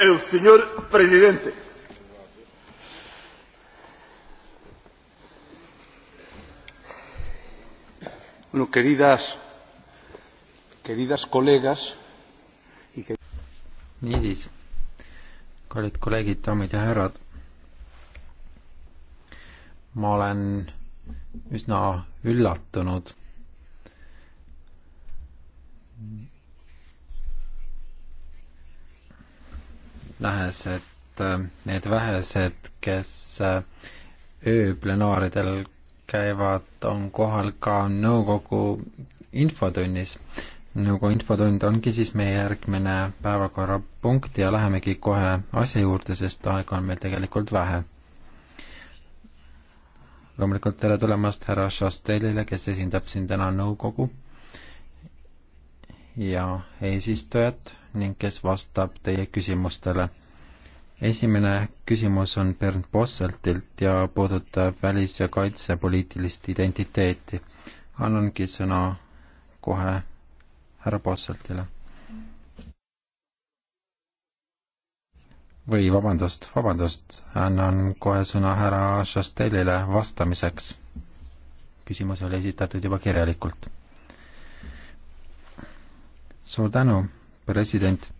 el señor presidente. Bueno, queridas, queridas colegas y que... niisiis, kallid kolleegid, daamid ja härrad. ma olen üsna üllatunud vähesed, need vähesed, kes äh, ööplenaaridel käivad, on kohal ka nõukogu infotunnis. nõukogu infotund ongi siis meie järgmine päevakorrapunkt ja lähemegi kohe asja juurde, sest aega on meil tegelikult vähe. loomulikult tere tulemast härra Šastelile, kes esindab siin täna nõukogu ja eesistujat ning kes vastab teie küsimustele esimene küsimus on Bernd Posseltilt ja puudutab välis- ja kaitsepoliitilist identiteeti. annangi sõna kohe härra Posseltile. või vabandust, vabandust, annan kohe sõna härra Šastelile vastamiseks. küsimus oli esitatud juba kirjalikult. suur tänu, president.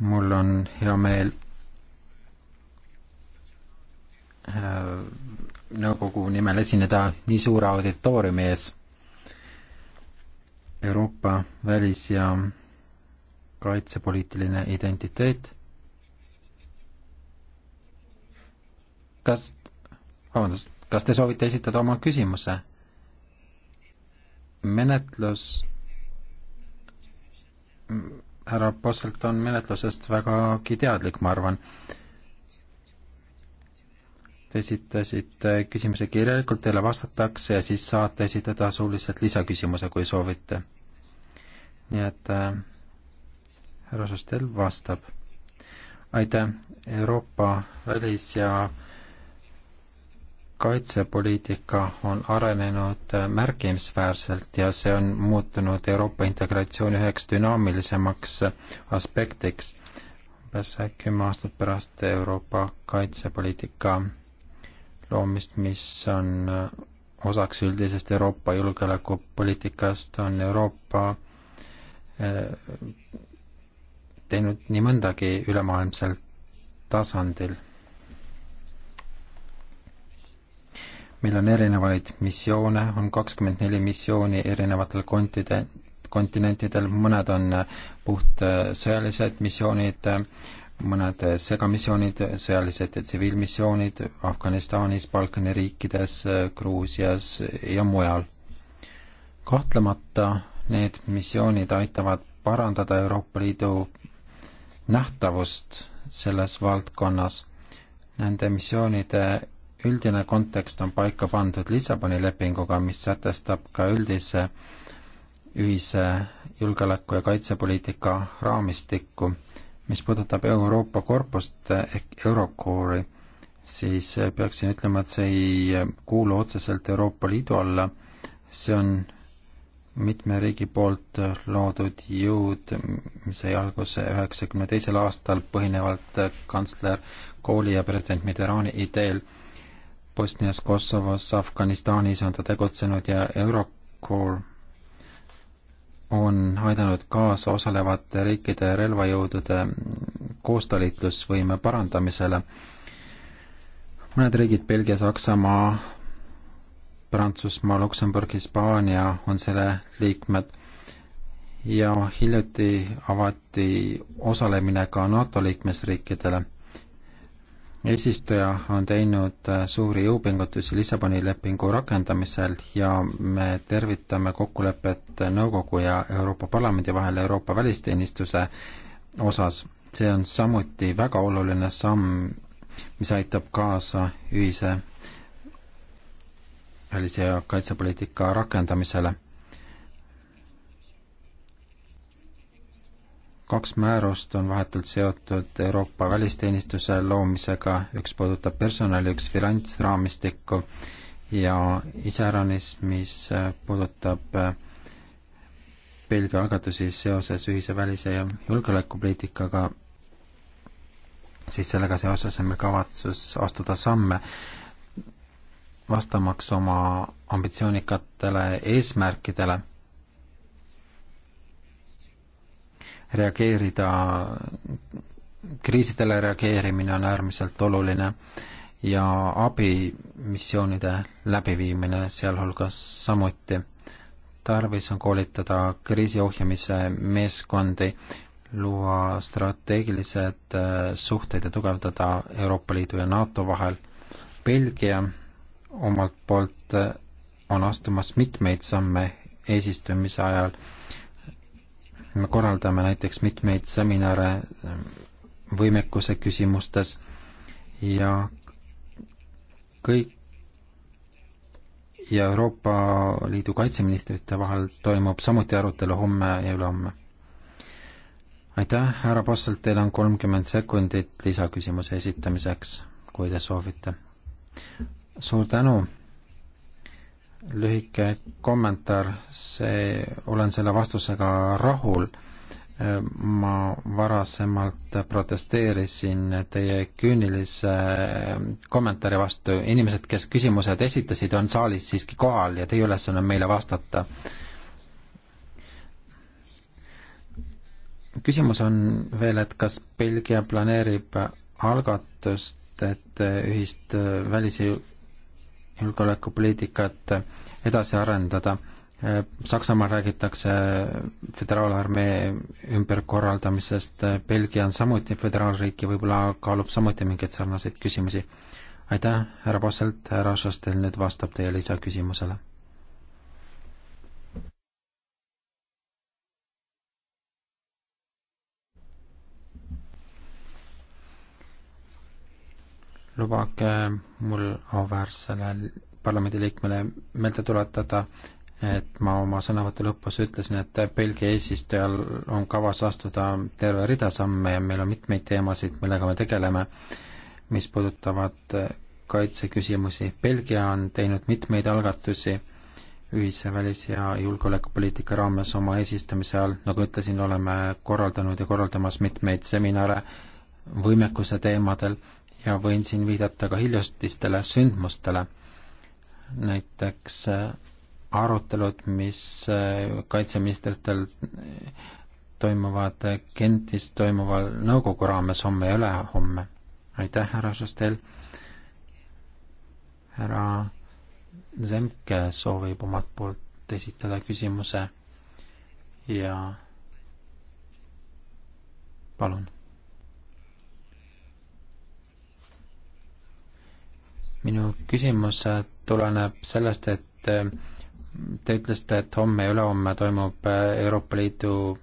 mul on hea meel Äh, nõukogu nimel esineda nii suure auditooriumi ees. Euroopa välis- ja kaitsepoliitiline identiteet. kas, vabandust, kas te soovite esitada oma küsimuse? menetlus, härra Posselt on menetlusest vägagi teadlik, ma arvan Te esitasite küsimuse kirjalikult, teile vastatakse ja siis saate esitada suuliselt lisaküsimuse, kui soovite. nii et äh, härra äh, Sostel vastab. aitäh, Euroopa välis- ja kaitsepoliitika on arenenud äh, märkimisväärselt ja see on muutunud Euroopa integratsiooni üheks dünaamilisemaks äh, aspektiks. umbes kümme aastat pärast Euroopa kaitsepoliitika loomist, mis on osaks üldisest Euroopa julgeolekupoliitikast, on Euroopa eh, teinud nii mõndagi ülemaailmsel tasandil. meil on erinevaid missioone, on kakskümmend neli missiooni erinevatel kontide, kontinentidel, mõned on puht eh, sõjalised missioonid, mõned segamissioonid, sõjalised ja tsiviilmissioonid Afganistanis, Balkani riikides, Gruusias ja mujal. kahtlemata need missioonid aitavad parandada Euroopa Liidu nähtavust selles valdkonnas. Nende missioonide üldine kontekst on paika pandud Lissaboni lepinguga, mis sätestab ka üldise ühise julgeoleku- ja kaitsepoliitika raamistikku mis puudutab Euroopa korpust eh, ehk Eurocore'i, siis eh, peaksin ütlema, et see ei eh, kuulu otseselt Euroopa Liidu alla, see on mitme riigi poolt loodud jõud, mis sai alguse üheksakümne teisel aastal põhinevalt kantsler kooli ja president Mitterrandi ideel. Bosnias, Kosovos, Afganistanis on ta tegutsenud ja Eurocore on aidanud kaasa osalevate riikide relvajõudude koostalitlusvõime parandamisele. mõned riigid, Belgia, Saksamaa, Prantsusmaa, Luksemburg, Hispaania on selle liikmed ja hiljuti avati osalemine ka NATO liikmesriikidele eesistuja on teinud äh, suuri jõupingutusi Lissaboni lepingu rakendamisel ja me tervitame kokkulepet Nõukogu ja Euroopa Parlamendi vahel Euroopa välisteenistuse osas. see on samuti väga oluline samm, mis aitab kaasa ühise välis- ja kaitsepoliitika rakendamisele kaks määrust on vahetult seotud Euroopa välisteenistuse loomisega, üks puudutab personali, üks finantsraamistikku ja iseäranis, mis puudutab äh, Belgia algatusi seoses ühise välise ja julgeolekupoliitikaga, siis sellega seoses on meil kavatsus astuda samme, vastamaks oma ambitsioonikatele eesmärkidele reageerida, kriisidele reageerimine on äärmiselt oluline ja abimissioonide läbiviimine sealhulgas samuti. tarvis on koolitada kriisi ohjamise meeskondi, luua strateegilised äh, suhted ja tugevdada Euroopa Liidu ja NATO vahel. Belgia omalt poolt äh, on astumas mitmeid samme eesistumise ajal me korraldame näiteks mitmeid seminare ähm, võimekuse küsimustes ja kõik ja Euroopa Liidu kaitseministrite vahel toimub samuti arutelu homme ja ülehomme. aitäh, härra Posselt, teil on kolmkümmend sekundit lisaküsimuse esitamiseks, kui te soovite. suur tänu lühike kommentaar, see, olen selle vastusega rahul. ma varasemalt protesteerisin teie küünilise kommentaari vastu, inimesed, kes küsimused esitasid, on saalis siiski kohal ja teie ülesanne on meile vastata. küsimus on veel, et kas Belgia planeerib algatust, et ühist välis- julgeolekupoliitikat edasi arendada. Saksamaal räägitakse föderaalarmee ümberkorraldamisest, Belgia on samuti föderaalriik ja võib-olla kaalub samuti mingeid sarnaseid küsimusi. aitäh, härra Posselt, härra Šostel nüüd vastab teie lisaküsimusele lubage mul auväärsele parlamendiliikmele meelde tuletada, et ma oma sõnavõtu lõpus ütlesin, et Belgia eesistujal on kavas astuda terve rida samme ja meil on mitmeid teemasid, millega me tegeleme, mis puudutavad kaitseküsimusi. Belgia on teinud mitmeid algatusi ühise välis- ja julgeolekupoliitika raames oma eesistumise all, nagu ütlesin, oleme korraldanud ja korraldamas mitmeid seminare võimekuse teemadel ja võin siin viidata ka hiljutistele sündmustele, näiteks äh, arutelud, mis äh, kaitseministritel äh, toimuvad Gentis toimuval nõukogu raames homme ja ülehomme. aitäh, härra Šestel. härra Zemke soovib omalt poolt esitada küsimuse ja palun minu küsimus äh, tuleneb sellest, et äh, te ütlesite, et homme ja ülehomme toimub äh, Euroopa Liidu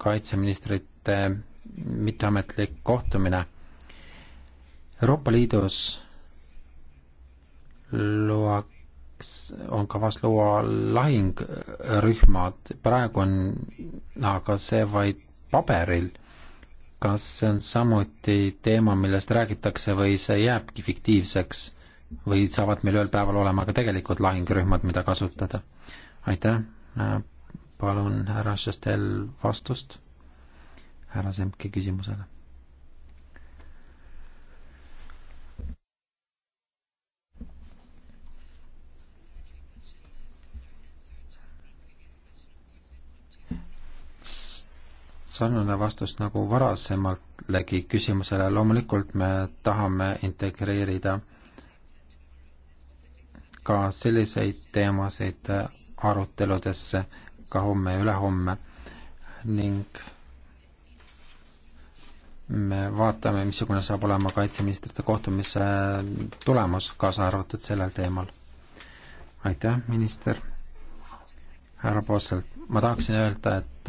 kaitseministrite mitteametlik kohtumine. Euroopa Liidus luuaks, on kavas luua lahingurühmad, praegu on aga see vaid paberil kas see on samuti teema, millest räägitakse või see jääbki fiktiivseks või saavad meil ühel päeval olema ka tegelikud lahingurühmad, mida kasutada. aitäh, palun härra Šestel vastust härra Semki küsimusele. sarnane vastus nagu varasemaltki küsimusele, loomulikult me tahame integreerida äh, ka selliseid teemasid aruteludesse ka homme ja ülehomme ning me vaatame, missugune saab olema kaitseministrite kohtumise tulemus, kaasa arvatud sellel teemal. aitäh, minister härra Posselt, ma tahaksin öelda, et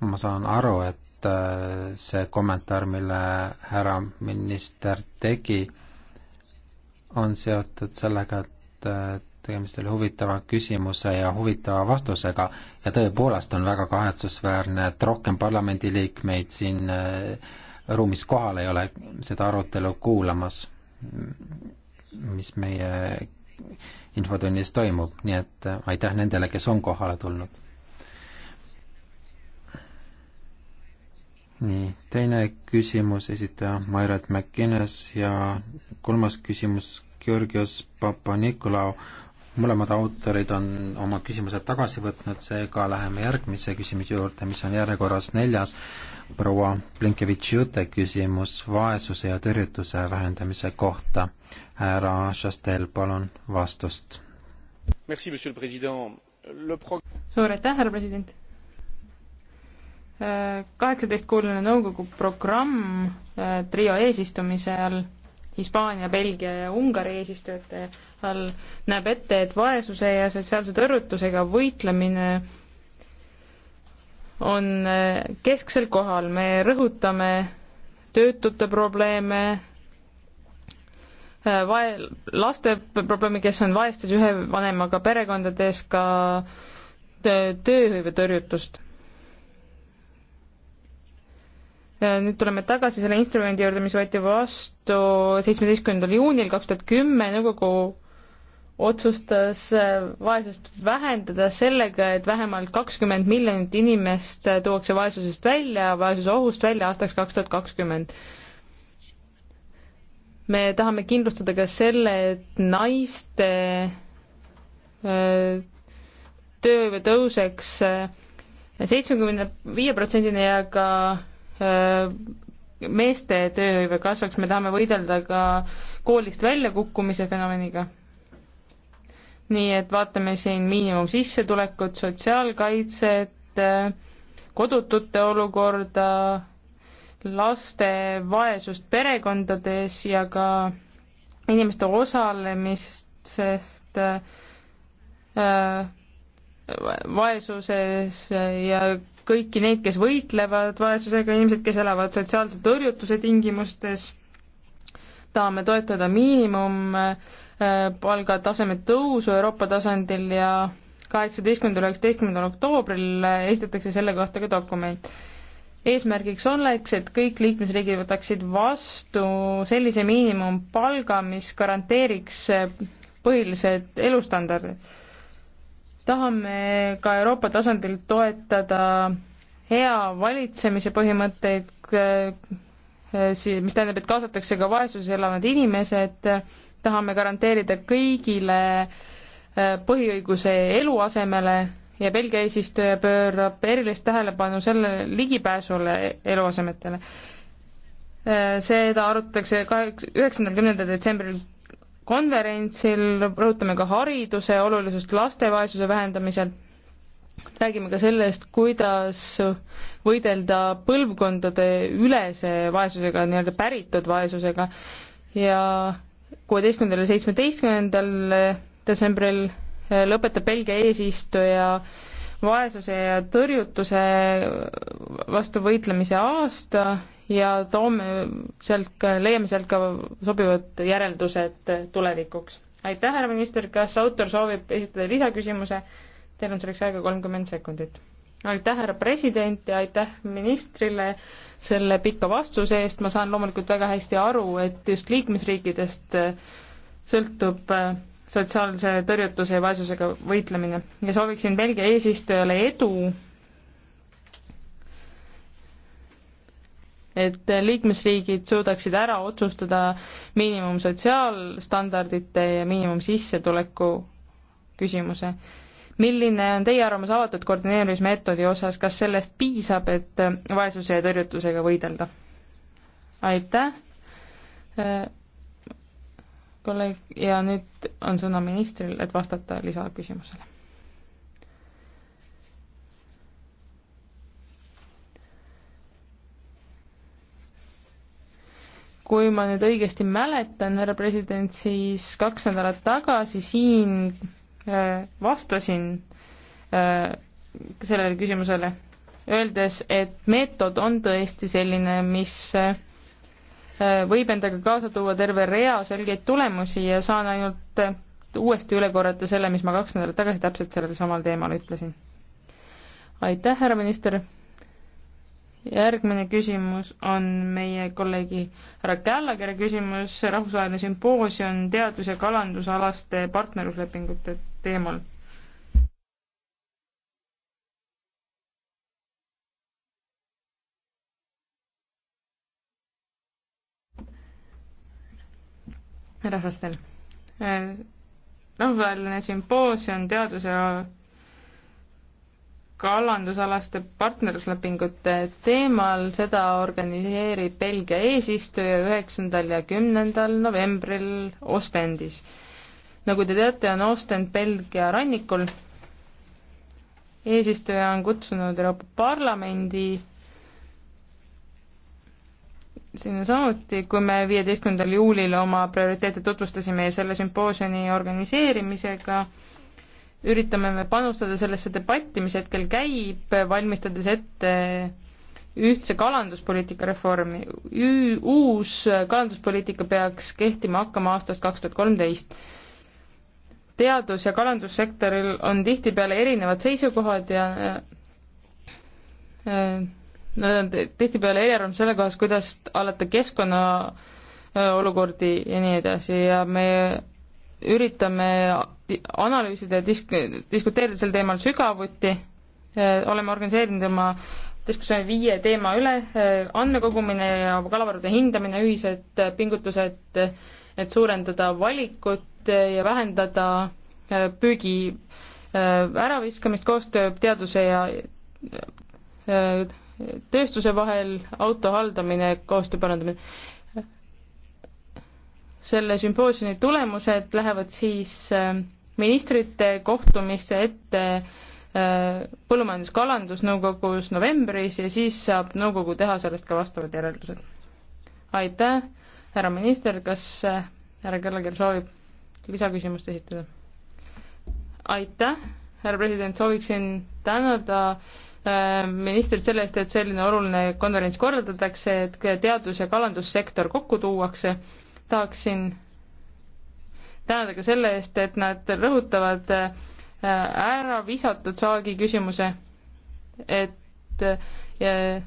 ma saan aru, et just äh, see kommentaar, mille härra minister tegi, on seotud sellega, et äh, tegemist oli huvitava küsimuse ja huvitava vastusega ja tõepoolest on väga kahetsusväärne, et rohkem parlamendiliikmeid siin äh, ruumis kohal ei ole seda arutelu kuulamas, mis meie infotunnis toimub, nii et aitäh nendele, kes on kohale tulnud nii, teine küsimus esitaja Mairet McInnes ja kolmas küsimus Georgios Papanikolaou. mõlemad autorid on oma küsimused tagasi võtnud, seega läheme järgmise küsimuse juurde, mis on järjekorras neljas. proua Blinkevitš-Jute küsimus vaesuse ja tõrjutuse vähendamise kohta. härra Šastel, palun vastust. suur aitäh, härra president kaheksateistkuuline nõukogu programm äh, trio eesistumise all, Hispaania, Belgia ja Ungari eesistujate all, näeb ette, et vaesuse ja sotsiaalse tõrjutusega võitlemine on äh, kesksel kohal, me rõhutame töötute probleeme, äh, vae-, laste probleeme, kes on vaestes ühe vanemaga perekondades, ka tööhõive tõrjutust nüüd tuleme tagasi selle instrumendi juurde, mis võeti vastu seitsmeteistkümnendal juunil kaks tuhat kümme, nõukogu otsustas äh, vaesust vähendada sellega, et vähemalt kakskümmend miljonit inimest äh, tuuakse vaesusest välja, vaesuse ohust välja aastaks kaks tuhat kakskümmend. me tahame kindlustada ka selle, et naiste äh, töö tõuseks seitsmekümne viie protsendini ja ka Äh, meeste tööhõive kasvaks, me tahame võidelda ka koolist väljakukkumise fenomeniga. nii et vaatame siin miinimumsissetulekut, sotsiaalkaitset, äh, kodutute olukorda, laste vaesust perekondades ja ka inimeste osalemist, sest äh, vaesuses ja kõiki neid, kes võitlevad vaesusega, inimesed, kes elavad sotsiaalse tõrjutuse tingimustes, tahame toetada miinimumpalgataseme äh, tõusu Euroopa tasandil ja kaheksateistkümnendal, üheksateistkümnendal oktoobril äh, esitatakse selle kohta ka dokument. eesmärgiks oleks, et kõik liikmesriigid võtaksid vastu sellise miinimumpalga, mis garanteeriks äh, põhilised elustandardid tahame ka Euroopa tasandil toetada hea valitsemise põhimõtteid, eh, eh, mis tähendab, et kaasatakse ka vaesuses elavad inimesed, tahame garanteerida kõigile eh, põhiõiguse eluasemele ja Belgia eesistuja pöörab erilist tähelepanu selle ligipääsule eluasemetele. seda arutatakse kaheksa, üheksandal, kümnendal detsembril konverentsil, rõhutame ka hariduse olulisust laste vaesuse vähendamisel, räägime ka sellest, kuidas võidelda põlvkondade ülese vaesusega, nii-öelda päritud vaesusega ja kuueteistkümnendal ja seitsmeteistkümnendal detsembril eh, lõpetab Belgia eesistuja vaesuse ja tõrjutuse vastu võitlemise aasta ja toome sealt ka, leiame sealt ka sobivad järeldused tulevikuks. aitäh, härra minister, kas autor soovib esitada lisaküsimuse? Teil on selleks aega kolmkümmend sekundit. aitäh, härra president ja aitäh ministrile selle pika vastuse eest, ma saan loomulikult väga hästi aru, et just liikmesriikidest sõltub äh, sotsiaalse tõrjutuse ja vaesusega võitlemine ja sooviksin Belgia eesistujale edu, et liikmesriigid suudaksid ära otsustada miinimum sotsiaalstandardite ja miinimumsissetuleku küsimuse. milline on teie arvamus avatud koordineerimismeetodi osas, kas sellest piisab, et vaesuse ja tõrjutusega võidelda? aitäh! kolleeg ja nüüd on sõna ministril, et vastata lisaküsimusele. kui ma nüüd õigesti mäletan, härra president, siis kaks nädalat tagasi siin äh, vastasin äh, sellele küsimusele, öeldes, et meetod on tõesti selline, mis äh, Äh, võib endaga kaasa tuua terve rea selgeid tulemusi ja saan ainult äh, uuesti üle korrata selle, mis ma kaks nädalat tagasi täpselt sellel samal teemal ütlesin. aitäh, härra minister! järgmine küsimus on meie kolleegi härra Källakere küsimus, rahvusvaheline sümpoosium teadus- ja kalandusalaste partnerluslepingute teemal rahvastel. Äh, rahvusvaheline sümpoosium teaduse kalandusalaste partnerluslepingute teemal, seda organiseerib Belgia eesistuja üheksandal ja kümnendal novembril Ostendis. nagu te teate, on Ostend Belgia rannikul. eesistuja on kutsunud Euroopa Parlamendi sinna samuti, kui me viieteistkümnendal juulil oma prioriteete tutvustasime ja selle sümpoosiumi organiseerimisega üritame me panustada sellesse debatti, mis hetkel käib, valmistades ette ühtse kalanduspoliitika reformi. uus kalanduspoliitika peaks kehtima hakkama aastast kaks tuhat kolmteist. teadus- ja kalandussektoril on tihtipeale erinevad seisukohad ja äh, tihtipeale eriarvamus selle kohas, kuidas alata keskkonna olukordi ja nii edasi ja me üritame analüüsida ja disk-, diskuteerida sel teemal sügavuti, oleme organiseerinud oma diskussiooni viie teema üle, andmekogumine ja kalavarude hindamine, ühised pingutused, et suurendada valikut ja vähendada püügi äraviskamist, koostöö teaduse ja tööstuse vahel auto haldamine, koostöö parandamine. selle sümpoosiumi tulemused lähevad siis äh, ministrite kohtumisse ette äh, põllumajandus-kalandusnõukogus novembris ja siis saab nõukogu teha sellest ka vastavad järeldused. aitäh, härra minister, kas äh, härra Kelleger soovib lisaküsimust esitada? aitäh, härra president, sooviksin tänada äh, Äh, ministrit selle eest, et selline oluline konverents korraldatakse, et teadus- ja kalandussektor kokku tuuakse. tahaksin tänada ka selle eest, et nad rõhutavad äh, ära visatud saagi küsimuse, et äh,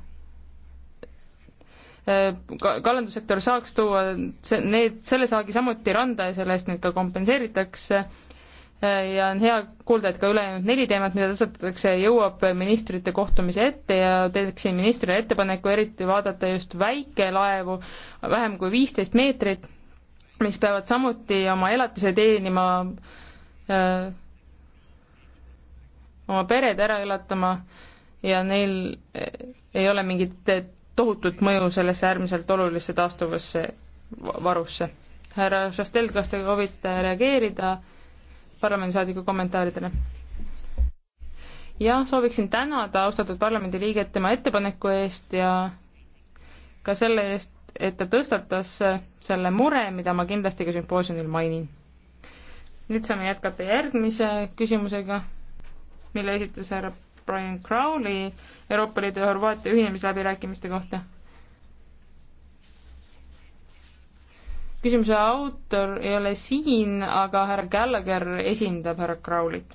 kalandussektor saaks tuua need, selle saagi samuti randa ja selle eest neid ka kompenseeritakse ja on hea kuulda, et ka ülejäänud neli teemat, mida tõstatatakse, jõuab ministrite kohtumise ette ja teeksin ministrile ettepaneku eriti vaadata just väikelaevu, vähem kui viisteist meetrit, mis peavad samuti oma elatise teenima, oma pered ära elatama ja neil ei ole mingit tohutut mõju sellesse äärmiselt olulisse taastuvasse varusse. härra Šastel, kas te soovite reageerida? parlamendisaadiku kommentaaridele. jah, sooviksin tänada austatud parlamendiliiget tema ettepaneku eest ja ka selle eest, et ta tõstatas selle mure, mida ma kindlasti ka sümpoosiumil mainin. nüüd saame jätkata järgmise küsimusega, mille esitas härra Brian Crowley Euroopa Liidu ja Horvaatia ühinemisläbirääkimiste kohta küsimuse autor ei ole siin, aga härra Gallagher esindab härra Crowleyt.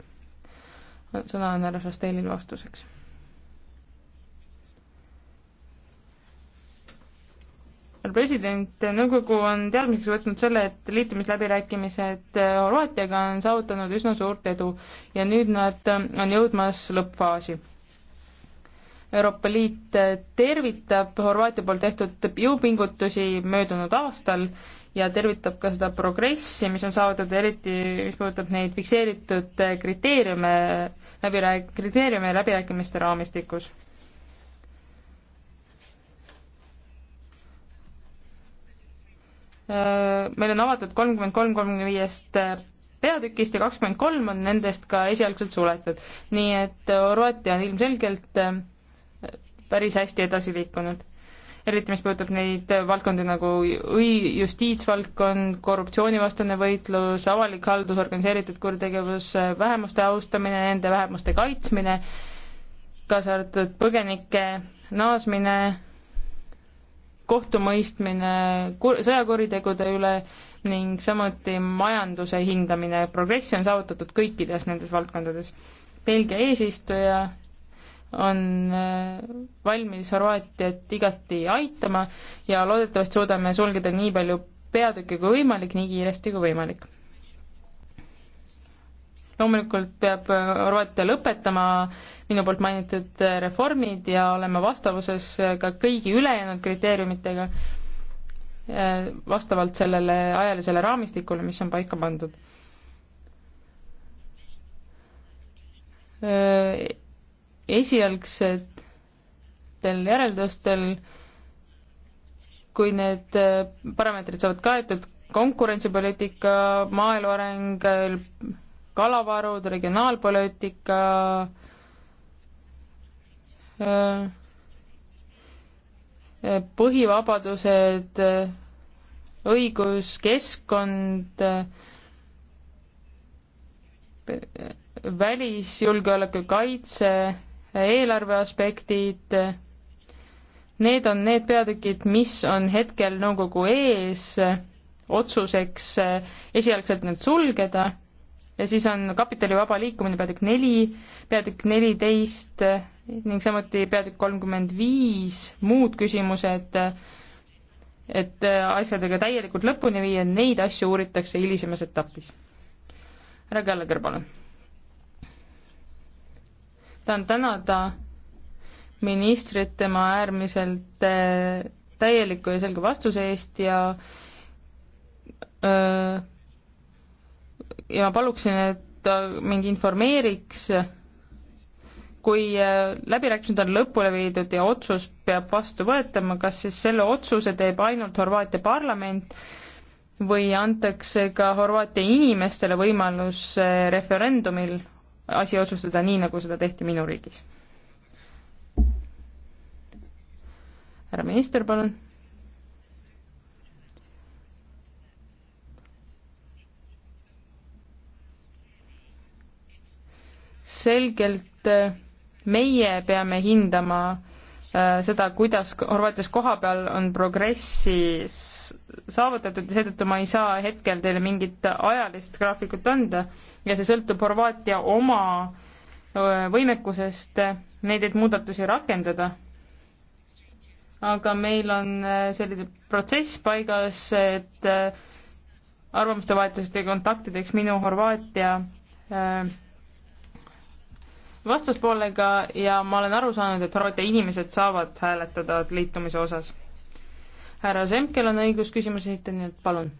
sõna on härra Šastelil vastuseks. härra president, nõukogu on teadmiseks võtnud selle, et liitumisläbirääkimised Horvaatiaga on saavutanud üsna suurt edu ja nüüd nad on jõudmas lõppfaasi Euroopa Liit tervitab Horvaatia poolt tehtud jõupingutusi möödunud aastal ja tervitab ka seda progressi, mis on saavutatud, eriti mis puudutab neid fikseeritud kriteeriume läbirääk-, kriteeriume läbirääkimiste raamistikus. Äh, meil on avatud kolmkümmend kolm kolmkümmend viiest peatükist ja kakskümmend kolm on nendest ka esialgselt suletud. nii et Horvaatia on ilmselgelt äh, päris hästi edasi liikunud eriti mis puudutab neid valdkondi nagu õi-, justiitsvaldkond, korruptsioonivastane võitlus, avalik haldus, organiseeritud kuritegevus, vähemuste austamine, nende vähemuste kaitsmine, kaasa arvatud põgenike naasmine, kohtumõistmine kur-, sõjakuritegude üle ning samuti majanduse hindamine, progress on saavutatud kõikides nendes valdkondades. Belgia eesistuja on äh, valmis Horvaatiat igati aitama ja loodetavasti suudame sulgeda nii palju peatükke kui võimalik, nii kiiresti kui võimalik. loomulikult peab äh, Horvaatia lõpetama minu poolt mainitud äh, reformid ja olema vastavuses ka kõigi ülejäänud kriteeriumitega vastavalt sellele ajalisele raamistikule, mis on paika pandud esialgsetel järeldustel, kui need äh, parameetrid saavad kaetud, konkurentsipoliitika, maaelu areng, äh, kalavarud, regionaalpoliitika, äh, põhivabadused, õigus, keskkond, välisjulgeoleku kaitse eelarve aspektid, need on need peatükid, mis on hetkel nõukogu ees otsuseks esialgselt need sulgeda ja siis on kapitali vaba liikumine peatükk neli, peatükk neliteist ning samuti peatükk kolmkümmend viis, muud küsimused, et asjadega täielikult lõpuni viia, neid asju uuritakse hilisemas etapis. härra Kallager, palun tahan tänada ministrit tema äärmiselt äh, täieliku ja selge vastuse eest ja öö, äh, ja ma paluksin, et ta mind informeeriks, kui äh, läbirääkimised on lõpule viidud ja otsus peab vastu võetama, kas siis selle otsuse teeb ainult Horvaatia parlament või antakse ka Horvaatia inimestele võimalus referendumil asi otsustada nii, nagu seda tehti minu riigis. härra minister, palun. selgelt äh, meie peame hindama Äh, seda, kuidas Horvaatias kohapeal on progressi saavutatud ja seetõttu ma ei saa hetkel teile mingit ajalist graafikut anda ja see sõltub Horvaatia oma äh, võimekusest äh, neid, et muudatusi rakendada. aga meil on selline protsess paigas, et arvamuste vahetustega kontaktideks minu Horvaatia äh, vastaspoolega ja ma olen aru saanud, et Horvaatia inimesed saavad hääletada liitumise osas. härra Semkel on õigus küsimusi esitada, nii et palun.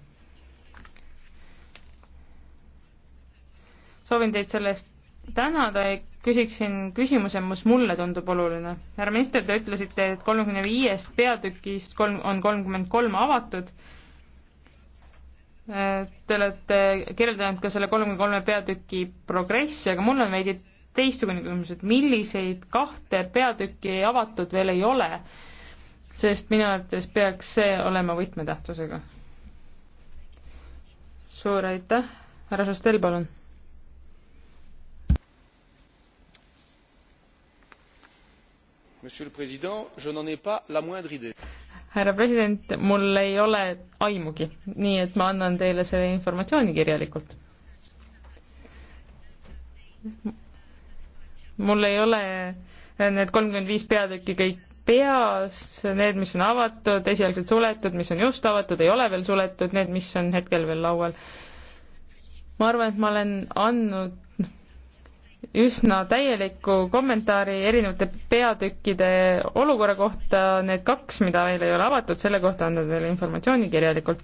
soovin teid selle eest tänada ja küsiksin küsimuse, mis mulle tundub oluline. härra minister, te ütlesite, et kolmekümne viiest peatükist kolm, on kolmkümmend kolm avatud. Te olete kirjeldanud ka selle kolmekümne kolme peatüki progressi, aga mul on veidi teistsugune küsimus, et milliseid kahte peatükki avatud veel ei ole, sest minu arvates peaks see olema võtmetähtsusega. suur aitäh, härra Šostel, palun. härra president, mul ei ole aimugi, nii et ma annan teile selle informatsiooni kirjalikult mul ei ole need kolmkümmend viis peatükki kõik peas, need, mis on avatud, esialgselt suletud, mis on just avatud, ei ole veel suletud, need, mis on hetkel veel laual. ma arvan, et ma olen andnud üsna täieliku kommentaari erinevate peatükkide olukorra kohta, need kaks, mida veel ei ole avatud, selle kohta annan teile informatsiooni kirjalikult.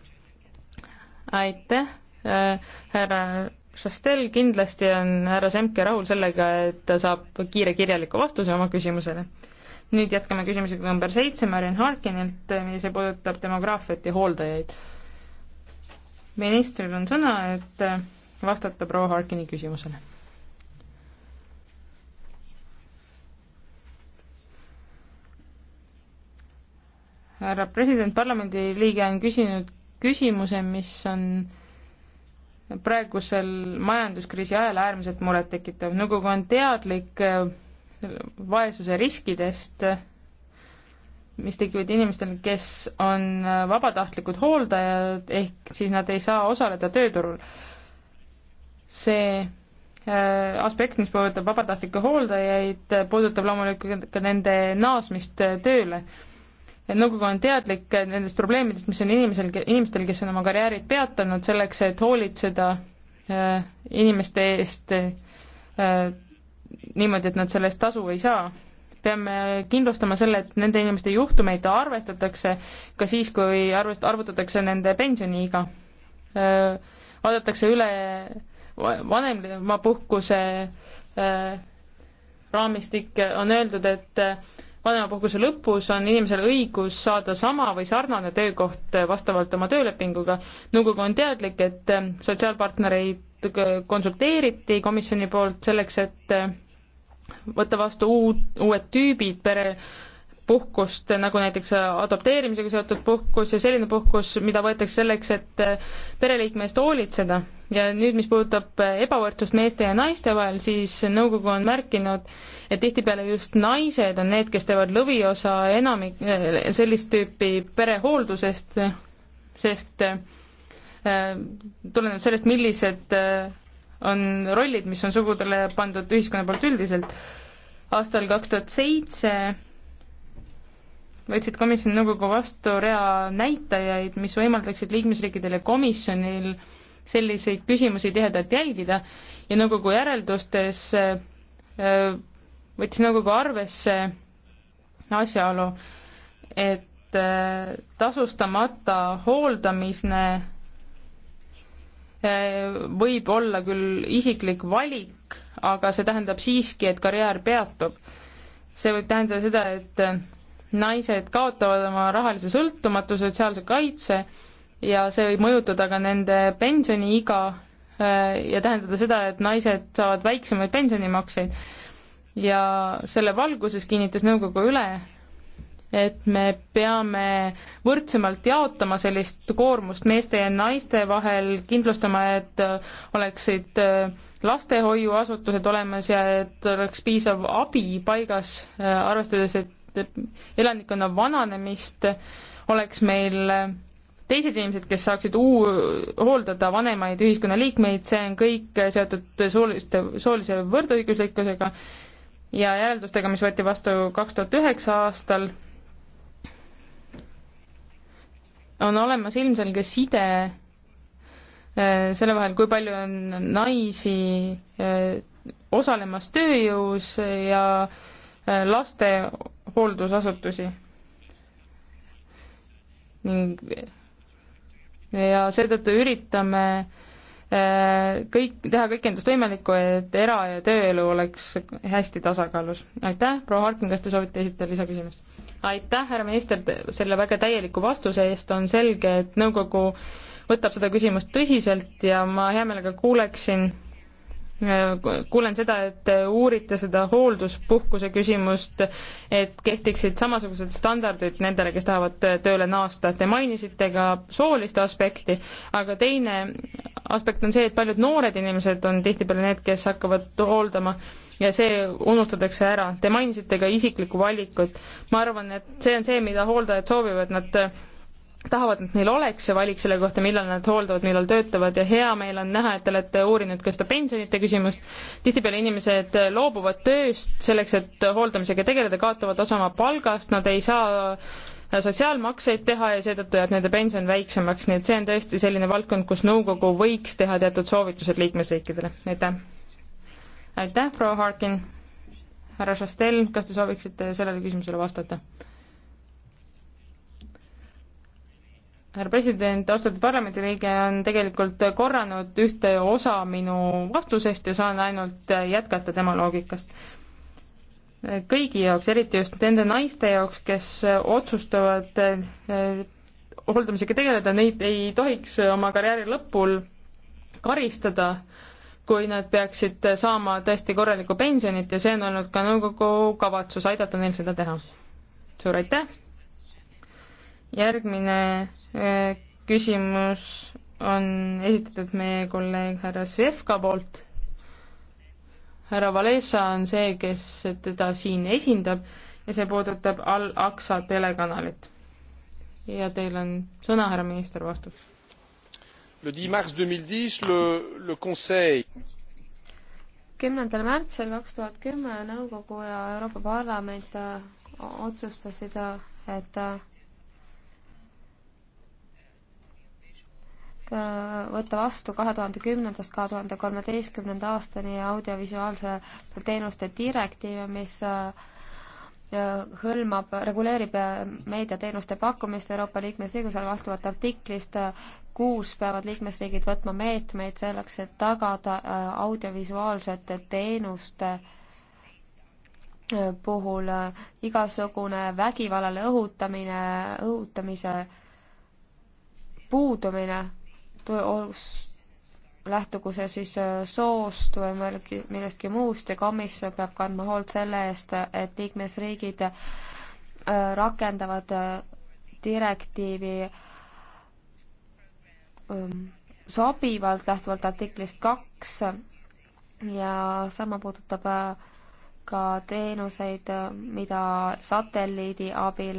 aitäh äh,, härra Šastel kindlasti on härra Semke rahul sellega, et ta saab kiire kirjaliku vastuse oma küsimusele. nüüd jätkame küsimusega number seitse Marian Harkinilt, mis puudutab demograafiat ja hooldajaid. ministril on sõna, et vastata proua Harkini küsimusele. härra president, parlamendi liige on küsinud küsimuse, mis on praegusel majanduskriisi ajal äärmiselt murettekitav. nõukogu on teadlik äh, vaesuse riskidest, äh, mis tekivad inimestel, kes on äh, vabatahtlikud hooldajad, ehk siis nad ei saa osaleda tööturul. see aspekt, mis puudutab vabatahtlikke hooldajaid, puudutab loomulikult ka nende naasmist tööle nõukogu on teadlik nendest probleemidest, mis on inimesel, inimestel, kes on oma karjäärid peatanud, selleks, et hoolitseda äh, inimeste eest äh, niimoodi, et nad selle eest tasu ei saa peame kindlustama selle, et nende inimeste juhtumeid arvestatakse ka siis, kui arvest-, arvutatakse nende pensioniiga. Äh, vaadatakse üle vanemapuhkuse raamistik, on öeldud, et vanemapuhkuse lõpus on inimesel õigus saada sama või sarnane töökoht vastavalt oma töölepinguga. nõukogu on teadlik, et eh, sotsiaalpartnereid konsulteeriti komisjoni poolt selleks, et eh, võtta vastu uut, uued tüübid pere puhkust, nagu näiteks eh, adopteerimisega seotud puhkus ja selline puhkus, mida võetakse selleks, et pereliikme eest hoolitseda ja nüüd, mis puudutab äh, ebavõrdsust meeste ja naiste vahel, siis nõukogu on märkinud, et tihtipeale just naised on need, kes teevad lõviosa enamik äh, sellist tüüpi perehooldusest, sest äh, tulenevalt sellest, millised äh, on rollid, mis on sugudele pandud ühiskonna poolt üldiselt, aastal kaks tuhat seitse võtsid komisjon nõukogu vastu rea näitajaid, mis võimaldaksid liikmesriikidele komisjonil äh, selliseid küsimusi tihedalt jälgida ja nõukogu järeldustes äh, võttis nõukogu arvesse asjaolu, et äh, tasustamata hooldamine äh, võib olla küll isiklik valik, aga see tähendab siiski, et karjäär peatub. see võib tähendada seda, et naised kaotavad oma rahalise sõltumatu, sotsiaalse kaitse ja see võib mõjutada ka nende pensioniiga äh, ja tähendada seda, et naised saavad väiksemaid pensionimakseid. ja selle valguses kinnitas nõukogu üle, et me peame võrdsemalt jaotama sellist koormust meeste ja naiste vahel, kindlustama, et äh, oleksid äh, lastehoiuasutused olemas ja et oleks piisav abi paigas, arvestades, et elanikkonna vananemist oleks meil teised inimesed, kes saaksid uu-, hooldada vanemaid ühiskonnaliikmeid, see on kõik seotud sooliste, soolise võrdõiguslikkusega ja järeldustega, mis võeti vastu kaks tuhat üheksa aastal, on olemas ilmselge side eh, selle vahel, kui palju on naisi eh, osalemas tööjõus ja eh, laste hooldusasutusi ning ja seetõttu üritame äh, kõik, teha kõik endast võimalikku, et era- ja tööelu oleks hästi tasakaalus. aitäh, proua Harkin, kas te soovite esitada lisaküsimust? aitäh, härra minister, selle väga täieliku vastuse eest, on selge, et nõukogu võtab seda küsimust tõsiselt ja ma hea meelega kuuleksin Äh, kuulen seda, et uurite seda hoolduspuhkuse küsimust, et kehtiksid samasugused standardid nendele, kes tahavad tööle naasta. Te mainisite ka soolist aspekti, aga teine aspekt on see, et paljud noored inimesed on tihtipeale need, kes hakkavad hooldama ja see unustatakse ära. Te mainisite ka isiklikku valikut. ma arvan, et see on see, mida hooldajad soovivad, nad tahavad, et neil oleks see valik selle kohta, millal nad hooldavad, millal töötavad ja hea meel on näha, et te olete uurinud ka seda pensionite küsimust. tihtipeale inimesed loobuvad tööst selleks, et hooldamisega tegeleda, kaotavad osa oma palgast, nad ei saa sotsiaalmakseid teha ja seetõttu jääb nende pension väiksemaks, nii et see on tõesti selline valdkond, kus nõukogu võiks teha teatud soovitused liikmesriikidele, aitäh. aitäh, proua Harkin. härra Šastel, kas te sooviksite sellele küsimusele vastata? härra president, austatud parlamendiliige on tegelikult korranud ühte osa minu vastusest ja saan ainult jätkata tema loogikast. kõigi jaoks, eriti just nende naiste jaoks, kes otsustavad eh, hooldamisega tegeleda, neid ei tohiks oma karjääri lõpul karistada, kui nad peaksid saama tõesti korralikku pensionit ja see on olnud ka nõukogu kavatsus aidata neil seda teha. suur aitäh! järgmine äh, küsimus on esitatud meie kolleeg härra Svevka poolt. härra Valesa on see, kes teda siin esindab ja see puudutab Al-Aqsa telekanalit. ja teil on sõna, härra minister, vastus. Le 10 mars 2010 le, le conseil kümnendal märtsil kaks tuhat kümme nõukogu ja Euroopa Parlament otsustasid, et Äh, võtta vastu kahe tuhande kümnendast kahe tuhande kolmeteistkümnenda aastani audiovisuaalse teenuste direktiiv, mis äh, äh, hõlmab, reguleerib meediateenuste pakkumist Euroopa liikmesriigusel vastavalt artiklist kuus peavad liikmesriigid võtma meetmeid selleks, et tagada audiovisuaalsete teenuste puhul igasugune vägivallale õhutamine, õhutamise puudumine lähtugu see siis äh, soost või märgi, millestki muust ja komisjon peab kandma hoolt selle eest, et liikmesriigid äh, rakendavad äh, direktiivi ähm, sobivalt lähtuvalt artiklist kaks ja sama puudutab ka teenuseid, mida satelliidi abil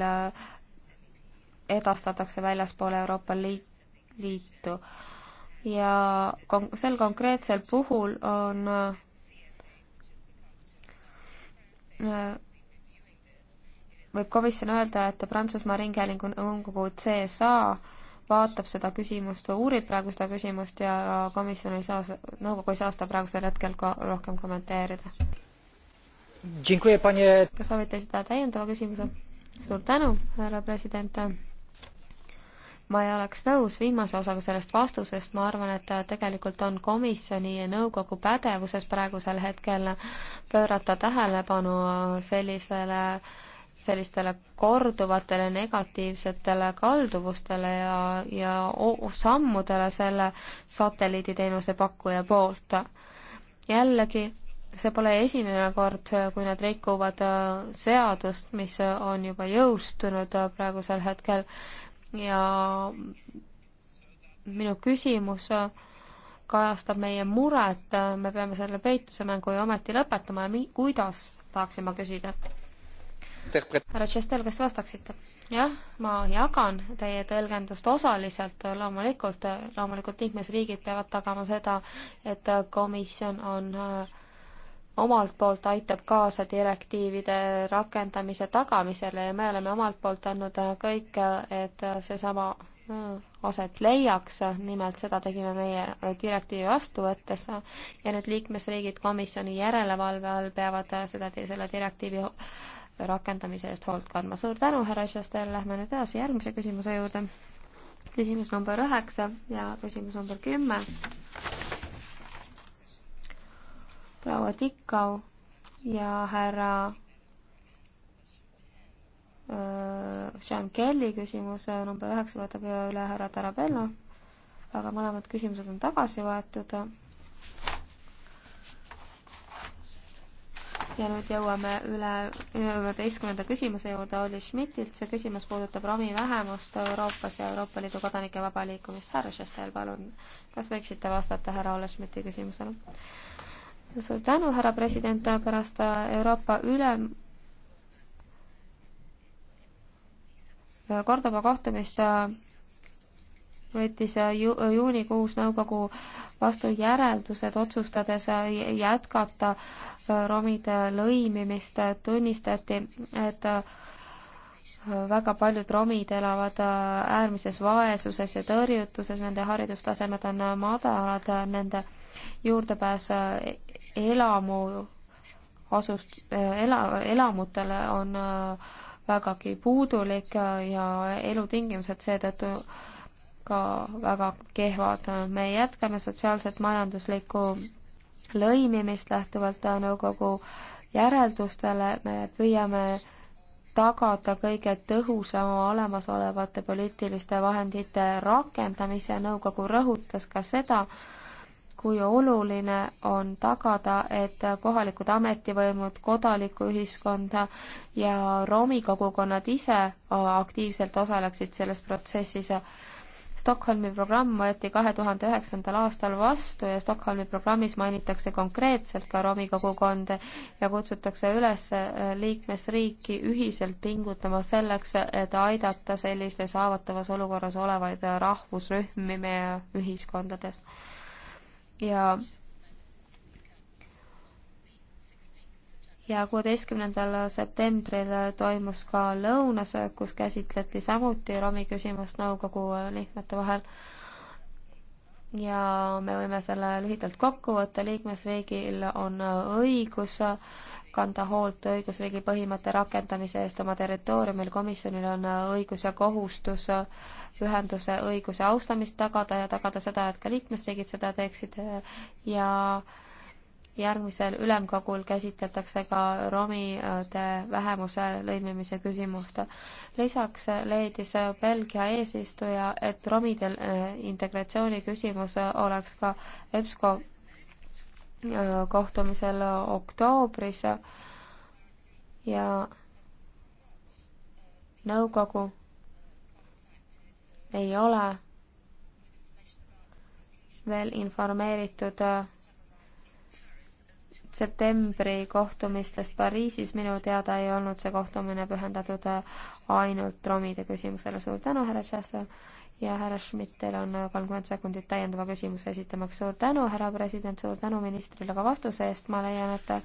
edastatakse väljaspool Euroopa Liitu Liitu. ja kon-, sel konkreetsel puhul on äh, võib komisjon öelda, et Prantsusmaa Ringhäälingu nõukogu CSA vaatab seda küsimust, uurib praegu seda küsimust ja komisjon ei saa, nõukogu ei saa seda praegusel hetkel ka rohkem kommenteerida. kas soovite esitada täiendava küsimuse? suur tänu, härra president ma ei oleks nõus viimase osaga sellest vastusest, ma arvan, et tegelikult on komisjoni ja nõukogu pädevuses praegusel hetkel pöörata tähelepanu sellisele sellistele korduvatele negatiivsetele kalduvustele ja, ja sammudele selle satelliiditeenuse pakkuja poolt. jällegi, see pole esimene kord, kui nad rikuvad äh, seadust, mis on juba jõustunud äh, praegusel hetkel ja minu küsimus äh, kajastab meie muret, äh, me peame selle peitusemängu ju ometi lõpetama ja mi-, kuidas, tahaksin ma küsida. härra Tšestel, kas vastaksite? jah, ma jagan teie tõlgendust osaliselt, loomulikult, äh, loomulikult liikmesriigid peavad tagama seda, et komisjon on äh, omalt poolt aitab kaasa direktiivide rakendamise tagamisele ja me oleme omalt poolt andnud kõik, et seesama äh, aset leiaks, nimelt seda tegime meie äh, direktiivi vastu võttes ja nüüd liikmesriigid komisjoni järelevalve all peavad äh, seda, selle direktiivi rakendamise eest hoolt kandma. suur tänu, härra Šester, lähme nüüd edasi järgmise küsimuse juurde. küsimus number üheksa ja küsimus number kümme proua Tikkau ja härra äh, Sean Kelly küsimus number üheksa võtab üle härra Tarabella, aga mõlemad küsimused on tagasi võetud. ja nüüd jõuame üle üheteistkümnenda küsimuse juurde Olli Schmidtilt. see küsimus puudutab romi vähemust Euroopas ja Euroopa Liidu kodanike vaba liikumist. härra Šestel, palun, kas võiksite vastata härra Olli Schmidti küsimusele? suur tänu, härra president, pärast äh, Euroopa ülem Kordoba kohtumist äh, võttis äh, ju, juunikuus nõukogu vastu järeldused, otsustades jätkata romide lõimimist, tunnistati, et väga paljud romid elavad äärmises vaesuses ja tõrjutuses, nende haridustasemed on madalad, nende juurdepääs elamu asust-, ela-, elamutele on äh, vägagi puudulik äh, ja elutingimused seetõttu ka väga kehvad. me jätkame sotsiaalset majanduslikku lõimimist lähtuvalt äh, nõukogu järeldustele, me püüame tagada kõige tõhusama olemasolevate poliitiliste vahendite rakendamise, nõukogu rõhutas ka seda, kui oluline on tagada, et kohalikud ametivõimud, kodanikuühiskond ja romi kogukonnad ise aktiivselt osaleksid selles protsessis. Stockholmi programm võeti kahe tuhande üheksandal aastal vastu ja Stockholmi programmis mainitakse konkreetselt ka romi kogukonda ja kutsutakse üles äh, liikmesriiki ühiselt pingutama selleks, et aidata sellistes haavatavas olukorras olevaid rahvusrühmi meie ühiskondades ja ja kuueteistkümnendal septembril toimus ka lõunasöök, kus käsitleti samuti romi küsimust nõukogu liikmete vahel ja me võime selle lühidalt kokku võtta, liikmesriigil on õigus kanda hoolt õigusriigi põhimõtte rakendamise eest oma territooriumil, komisjonil on õigus ja kohustus ühenduse õiguse austamist tagada ja tagada seda, et ka liikmesriigid seda teeksid ja järgmisel ülemkogul käsitletakse ka romide vähemuse lõimimise küsimust. lisaks leidis Belgia eesistuja, et romide äh, integratsiooni küsimus oleks ka EBSCO äh, kohtumisel oktoobris ja nõukogu ei ole veel informeeritud äh, septembri kohtumistest Pariisis minu teada ei olnud see kohtumine pühendatud ainult romide küsimusele. suur tänu, härra Šassel ja härra Schmidt, teil on kolmkümmend sekundit täiendava küsimuse esitamaks. suur tänu, härra president, suur tänu ministrile ka vastuse eest. ma leian, et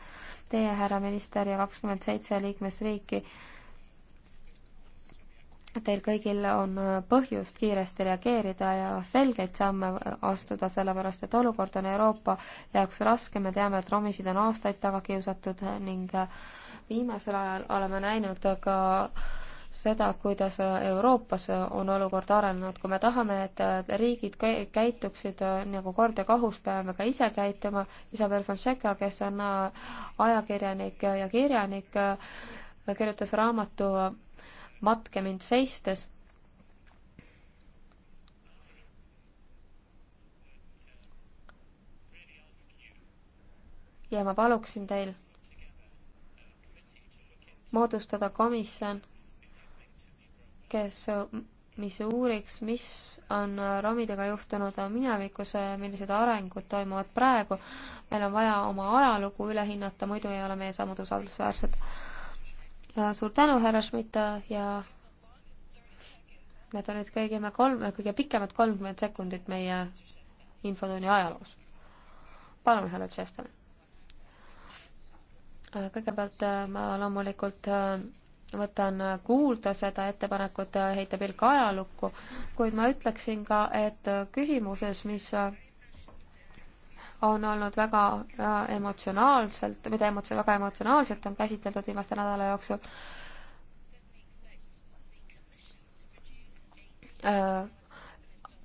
teie, härra minister, ja kakskümmend seitse liikmesriiki Teil kõigil on äh, põhjust kiiresti reageerida ja selgeid samme äh, astuda, sellepärast et olukord on Euroopa jaoks raske, me teame, et romisid on aastaid taga kiusatud ning äh, viimasel ajal oleme näinud ka seda, kuidas Euroopas on olukord arenenud, kui me tahame, et riigid käituksid nagu kord ja kohus, peame ka ise käituma. Isabel Fonseca, kes on ajakirjanik ja kirjanik, kirjutas raamatu matke mind seistes. ja ma paluksin teil moodustada komisjon, kes, mis uuriks, mis on romidega juhtunud minevikus, millised arengud toimuvad praegu. meil on vaja oma ajalugu üle hinnata, muidu ei ole meie sammud usaldusväärsed suur tänu, härra Schmidt ja need olid kõige kolm, kõige pikemad kolmkümmend sekundit meie infotunni ajaloos. palun, härra Tšestan. kõigepealt äh, ma loomulikult äh, võtan kuulda seda ettepanekut äh, heita pilk ajalukku, kuid ma ütleksin ka, et küsimuses, mis on olnud väga äh, emotsionaalselt, mida emotsio-, väga emotsionaalselt on käsitletud viimaste nädala jooksul. Äh,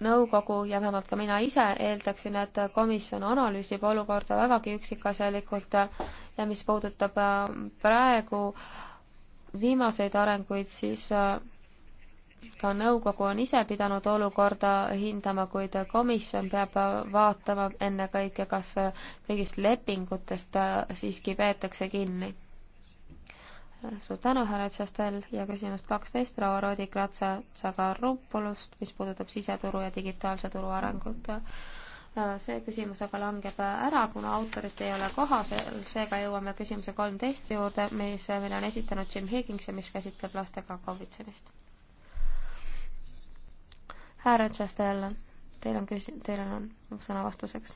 nõukogu ja vähemalt ka mina ise eeldaksin, et komisjon analüüsib olukorda vägagi üksikasjalikult ja mis puudutab äh, praegu viimaseid arenguid, siis ka nõukogu on ise pidanud olukorda hindama, kuid komisjon peab vaatama ennekõike, kas kõigist lepingutest siiski peetakse kinni. suur tänu, härra Tšastel ja küsimust kaksteist proua Roodi Kratsa Tsagaropolust, mis puudutab siseturu ja digitaalse turu arengut. see küsimus aga langeb ära, kuna autorit ei ole kohasel, seega jõuame küsimuse kolmteist juurde, mis, mille on esitanud Jim Higgins ja mis käsitleb lastega kaubitsemist härra Tšastel, teil on küs-, teil on sõna vastuseks.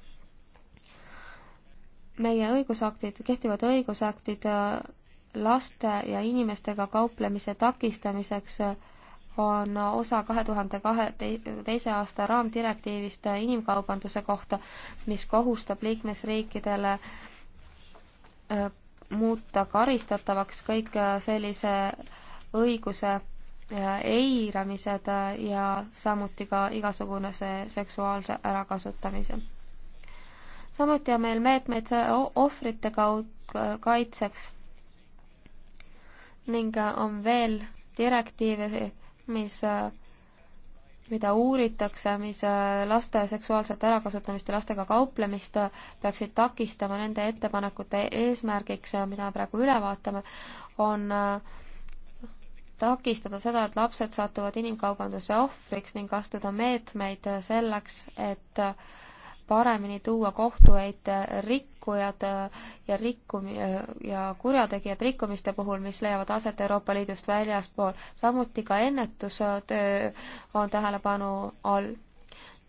meie õigusaktid, kehtivad õigusaktid äh, laste ja inimestega kauplemise takistamiseks äh, on osa kahe tuhande kahe, teise aasta raamdirektiivist äh, inimkaubanduse kohta, mis kohustab liikmesriikidele muuta karistatavaks kõik sellise õiguse Äh, eiramised äh, ja samuti ka igasugune see seksuaalse ärakasutamise. samuti on meil meetmeid äh, ohvrite kaud-, kaitseks ning on veel direktiive, mis, mida uuritakse, mis laste seksuaalset ärakasutamist ja lastega kauplemist peaksid takistama, nende ettepanekute eesmärgiks, mida me praegu üle vaatame, on äh, takistada seda, et lapsed satuvad inimkaubanduse ohvriks ning astuda meetmeid selleks, et paremini tuua kohtu ette rikkujad ja rikkum- ja kurjategijad rikkumiste puhul, mis leiavad aset Euroopa Liidust väljaspool. samuti ka ennetustöö on tähelepanu all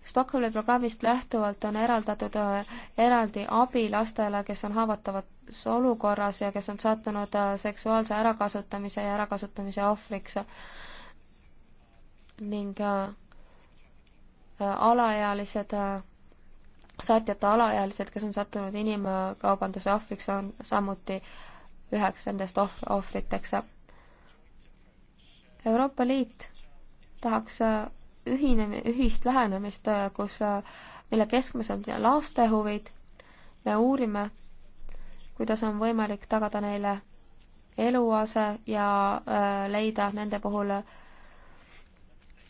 Stockholmi programmist lähtuvalt on eraldatud äh, eraldi abi lastele, kes on haavatavas olukorras ja kes on sattunud äh, seksuaalse ärakasutamise ja ärakasutamise ohvriks ning äh, alaealised, saatjate alaealised, kes on sattunud inimkaubanduse ohvriks, on samuti üheks nendest ohvriteks. Euroopa Liit tahaks ühine, ühist lähenemist, kus, mille keskmes on laste huvid. me uurime, kuidas on võimalik tagada neile eluase ja äh, leida nende puhul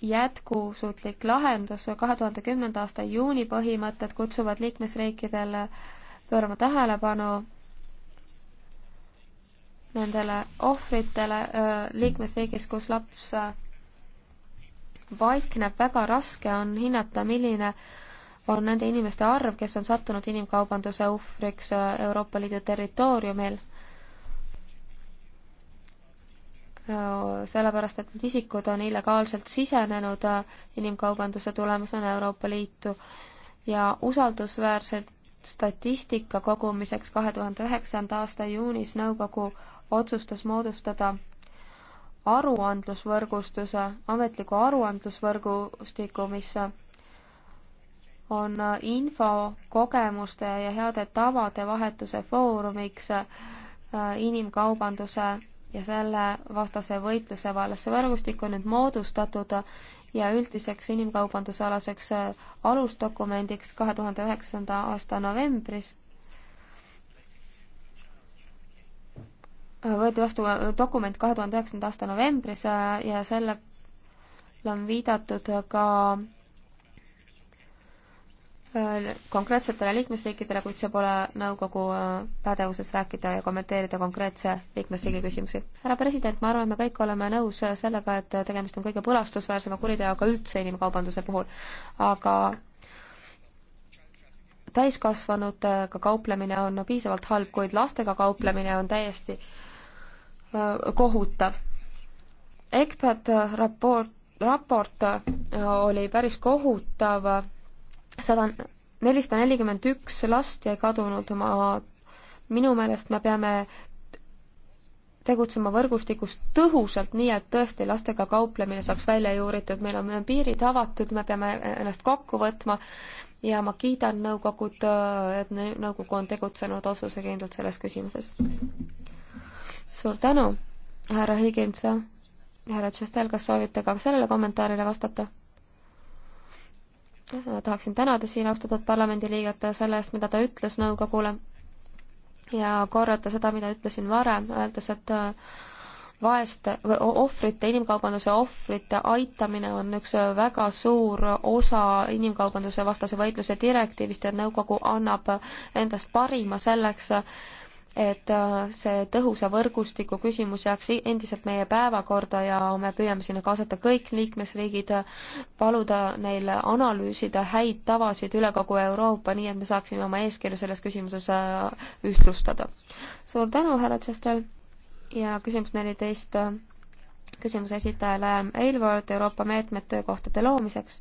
jätkusuutlik lahendus. kahe tuhande kümnenda aasta juuni põhimõtted kutsuvad liikmesriikidele pöörama tähelepanu nendele ohvritele äh, liikmesriigis, kus laps vaikneb, väga raske on hinnata, milline on nende inimeste arv, kes on sattunud inimkaubanduse ohvriks äh, Euroopa Liidu territooriumil. Äh, sellepärast, et need isikud on illegaalselt sisenenud äh, inimkaubanduse tulemusena Euroopa Liitu ja usaldusväärsed statistika kogumiseks kahe tuhande üheksanda aasta juunis nõukogu otsustas moodustada aruandlusvõrgustuse, ametliku aruandlusvõrgustiku, mis on info, kogemuste ja heade tavade vahetuse foorumiks äh, inimkaubanduse ja selle vastase võitluse vahel. see võrgustik on nüüd moodustatud ja üldiseks inimkaubandusealaseks äh, alusdokumendiks kahe tuhande üheksanda aasta novembris võeti vastu äh, dokument kahe tuhande üheksanda aasta novembris äh, ja sellele on viidatud ka äh, konkreetsetele liikmesriikidele, kuid see pole nõukogu pädevuses rääkida ja kommenteerida konkreetse liikmesriigi küsimusi. härra president, ma arvan, me kõik oleme nõus sellega, et tegemist on kõige põlastusväärsema kuriteoga üldse inimkaubanduse puhul, aga täiskasvanutega kauplemine on piisavalt halb, kuid lastega kauplemine on täiesti äh, Äh, kohutav. EKPAT äh, raport, raport äh, oli päris kohutav, sada, nelisada nelikümmend üks last jäi kadunud, ma, minu meelest me peame tegutsema võrgustikus tõhusalt, nii et tõesti lastega kauplemine saaks välja juuritud, meil on piirid avatud, me peame ennast kokku võtma ja ma kiidan nõukogud, et nõukogu on tegutsenud otsusekindlalt selles küsimuses suur tänu, härra Higins ja härra Tšestel, kas soovite ka sellele kommentaarile vastata? tahaksin tänada siin austatud parlamendiliiget selle eest, mida ta ütles nõukogule ja korrata seda, mida ütlesin varem, öeldes, et äh, vaeste, ohvrite, inimkaubanduse ohvrite aitamine on üks väga suur osa inimkaubanduse vastase võitluse direktiivist ja nõukogu annab endast parima selleks, et äh, see tõhusa võrgustiku küsimus jääks endiselt meie päevakorda ja me püüame sinna kaasata kõik liikmesriigid, paluda neil analüüsida häid tavasid üle kogu Euroopa, nii et me saaksime oma eeskirju selles küsimuses äh, ühtlustada. suur tänu, härra Tšestel ja küsimus neliteist äh, küsimuse esitajale Ailward Euroopa meetmed töökohtade loomiseks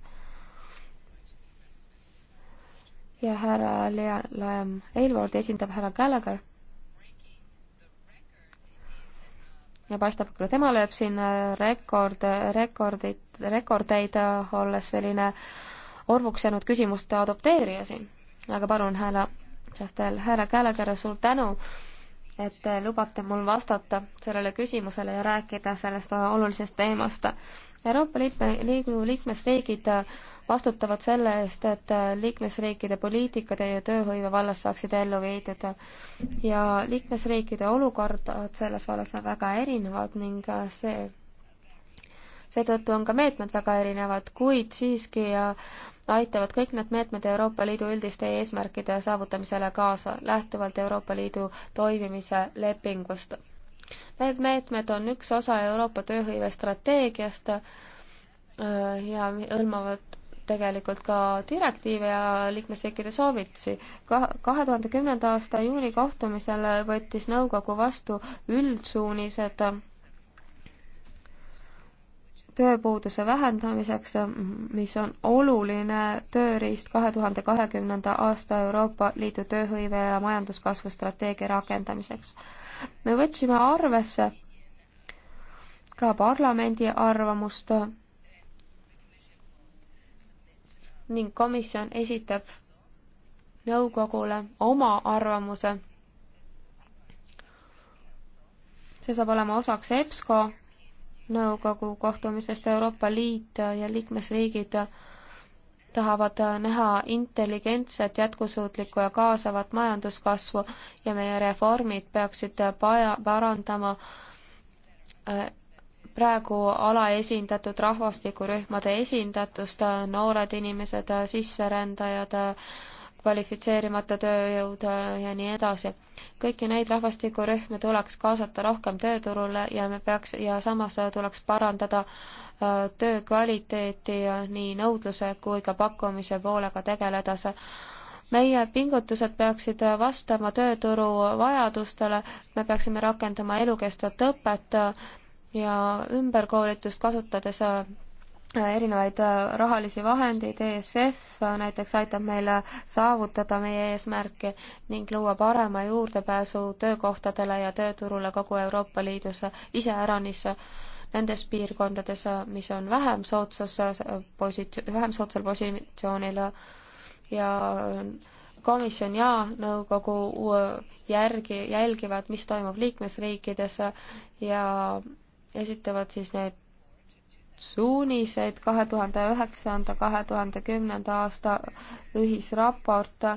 ja härra Lea Laem Aylward esindab härra Gallagher. ja paistab, ka tema lööb siin äh, rekord, äh, rekordid, rekordeid, äh, olles selline orvuks jäänud küsimuste adopteerija siin. aga palun, härra Chastel, härra Gallagher, suur tänu, et te lubate mul vastata sellele küsimusele ja rääkida sellest olulisest teemast. Euroopa Liidu liikmesriigid äh, vastutavad selle eest, et äh, liikmesriikide poliitikad ja tööhõive vallas saaksid ellu viidud. ja liikmesriikide olukord selles vallas on väga erinevad ning äh, see, seetõttu on ka meetmed väga erinevad, kuid siiski aitavad kõik need meetmed Euroopa Liidu üldiste eesmärkide saavutamisele kaasa, lähtuvalt Euroopa Liidu toimimise lepingust Need meetmed on üks osa Euroopa tööhõivestrateegiast äh, ja hõlmavad tegelikult ka direktiive ja liikmesriikide soovitusi. kahe tuhande kümnenda aasta juuni kohtumisel võttis nõukogu vastu üldsuunised tööpuuduse vähendamiseks, mis on oluline tööriist kahe tuhande kahekümnenda aasta Euroopa Liidu tööhõive ja majanduskasvu strateegia rakendamiseks me võtsime arvesse ka parlamendi arvamust ning komisjon esitab nõukogule oma arvamuse. see saab olema osaks EBSCO nõukogu kohtumisest Euroopa Liit ja liikmesriigid tahavad äh, näha intelligentset, jätkusuutlikku ja kaasavat majanduskasvu ja meie reformid peaksid äh, paja, parandama äh, praegu alaesindatud rahvastikurühmade esindatust, noored inimesed, sisserändajad, kvalifitseerimata tööjõud ja nii edasi kõiki neid rahvastikurühmi tuleks kaasata rohkem tööturule ja me peaks ja samas tuleks parandada äh, töö kvaliteeti ja nii nõudluse kui ka pakkumise poolega tegeledes meie pingutused peaksid vastama tööturu vajadustele, me peaksime rakendama elukestvat õpet ja ümberkoolitust kasutades erinevaid äh, rahalisi vahendeid, ESF äh, näiteks aitab meil saavutada meie eesmärki ning luua parema juurdepääsu töökohtadele ja tööturule kogu Euroopa Liidus äh, iseäranis nendes piirkondades, mis on vähem soodsas positsioon, vähem soodsal positsioonil ja komisjon ja nõukogu järgi, jälgivad, mis toimub liikmesriikides ja esitavad siis need suuniseid, kahe tuhande üheksanda, kahe tuhande kümnenda aasta ühisraport,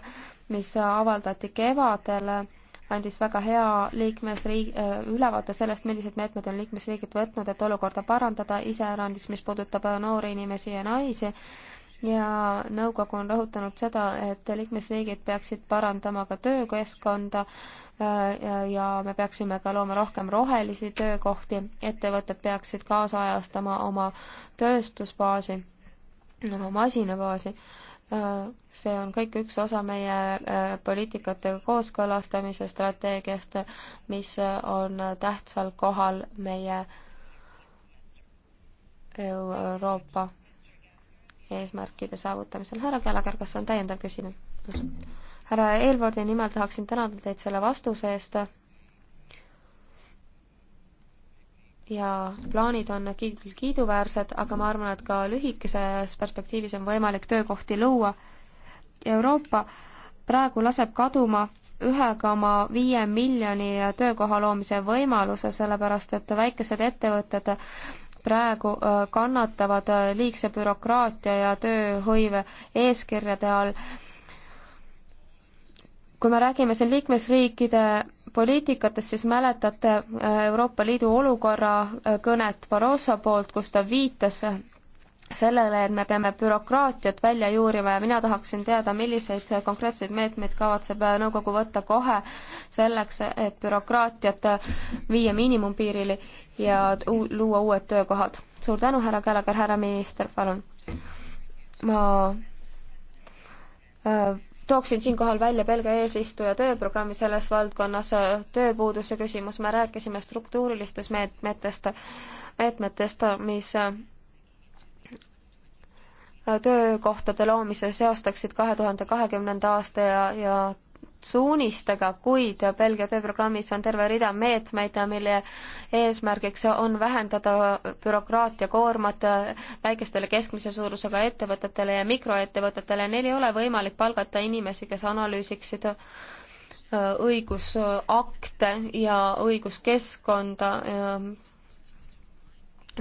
mis avaldati kevadel, andis väga hea liikmesriik, äh, ülevaate sellest, millised meetmed on liikmesriigid võtnud, et olukorda parandada, iseäranis, mis puudutab noori inimesi ja naisi ja nõukogu on rõhutanud seda, et liikmesriigid peaksid parandama ka töökeskkonda äh, ja me peaksime ka looma rohkem rohelisi töökohti, ettevõtted peaksid kaasajastama oma tööstusbaasi, oma masinabaasi. Äh, see on kõik üks osa meie äh, poliitikate kooskõlastamise strateegiast, mis on tähtsal kohal meie Euroopa eesmärkide saavutamisel. härra Kälaker, kas on täiendav küsimus? härra Eelvordi nimel tahaksin tänada teid selle vastuse eest. ja plaanid on küll kiiduväärsed, aga ma arvan, et ka lühikeses perspektiivis on võimalik töökohti luua. Euroopa praegu laseb kaduma ühe koma viie miljoni töökoha loomise võimaluse, sellepärast et väikesed ettevõtted praegu äh, kannatavad äh, liigse bürokraatia ja tööhõive eeskirjade all. kui me räägime siin liikmesriikide poliitikatest, siis mäletate äh, Euroopa Liidu olukorra kõnet Barroso poolt, kus ta viitas sellele, et me peame bürokraatiat välja juurima ja mina tahaksin teada, milliseid konkreetseid meetmeid kavatseb nõukogu võtta kohe selleks, et bürokraatiat viia miinimumpiirile ja luua uued töökohad. suur tänu, härra Käraker, härra minister, palun. ma äh, tooksin siinkohal välja Belgia eesistuja tööprogrammi selles valdkonnas, äh, tööpuuduse küsimus, me rääkisime struktuurilistest meetmetest, meetmetest, mis äh, töökohtade loomise seostaksid kahe tuhande kahekümnenda aasta ja, ja suunistega, kuid Belgia tööprogrammis on terve rida meetmeid, mille eesmärgiks on vähendada bürokraatia koormat väikestele keskmise suurusega ettevõtetele ja mikroettevõtetele, neil ei ole võimalik palgata inimesi, kes analüüsiksid õigusakte ja õiguskeskkonda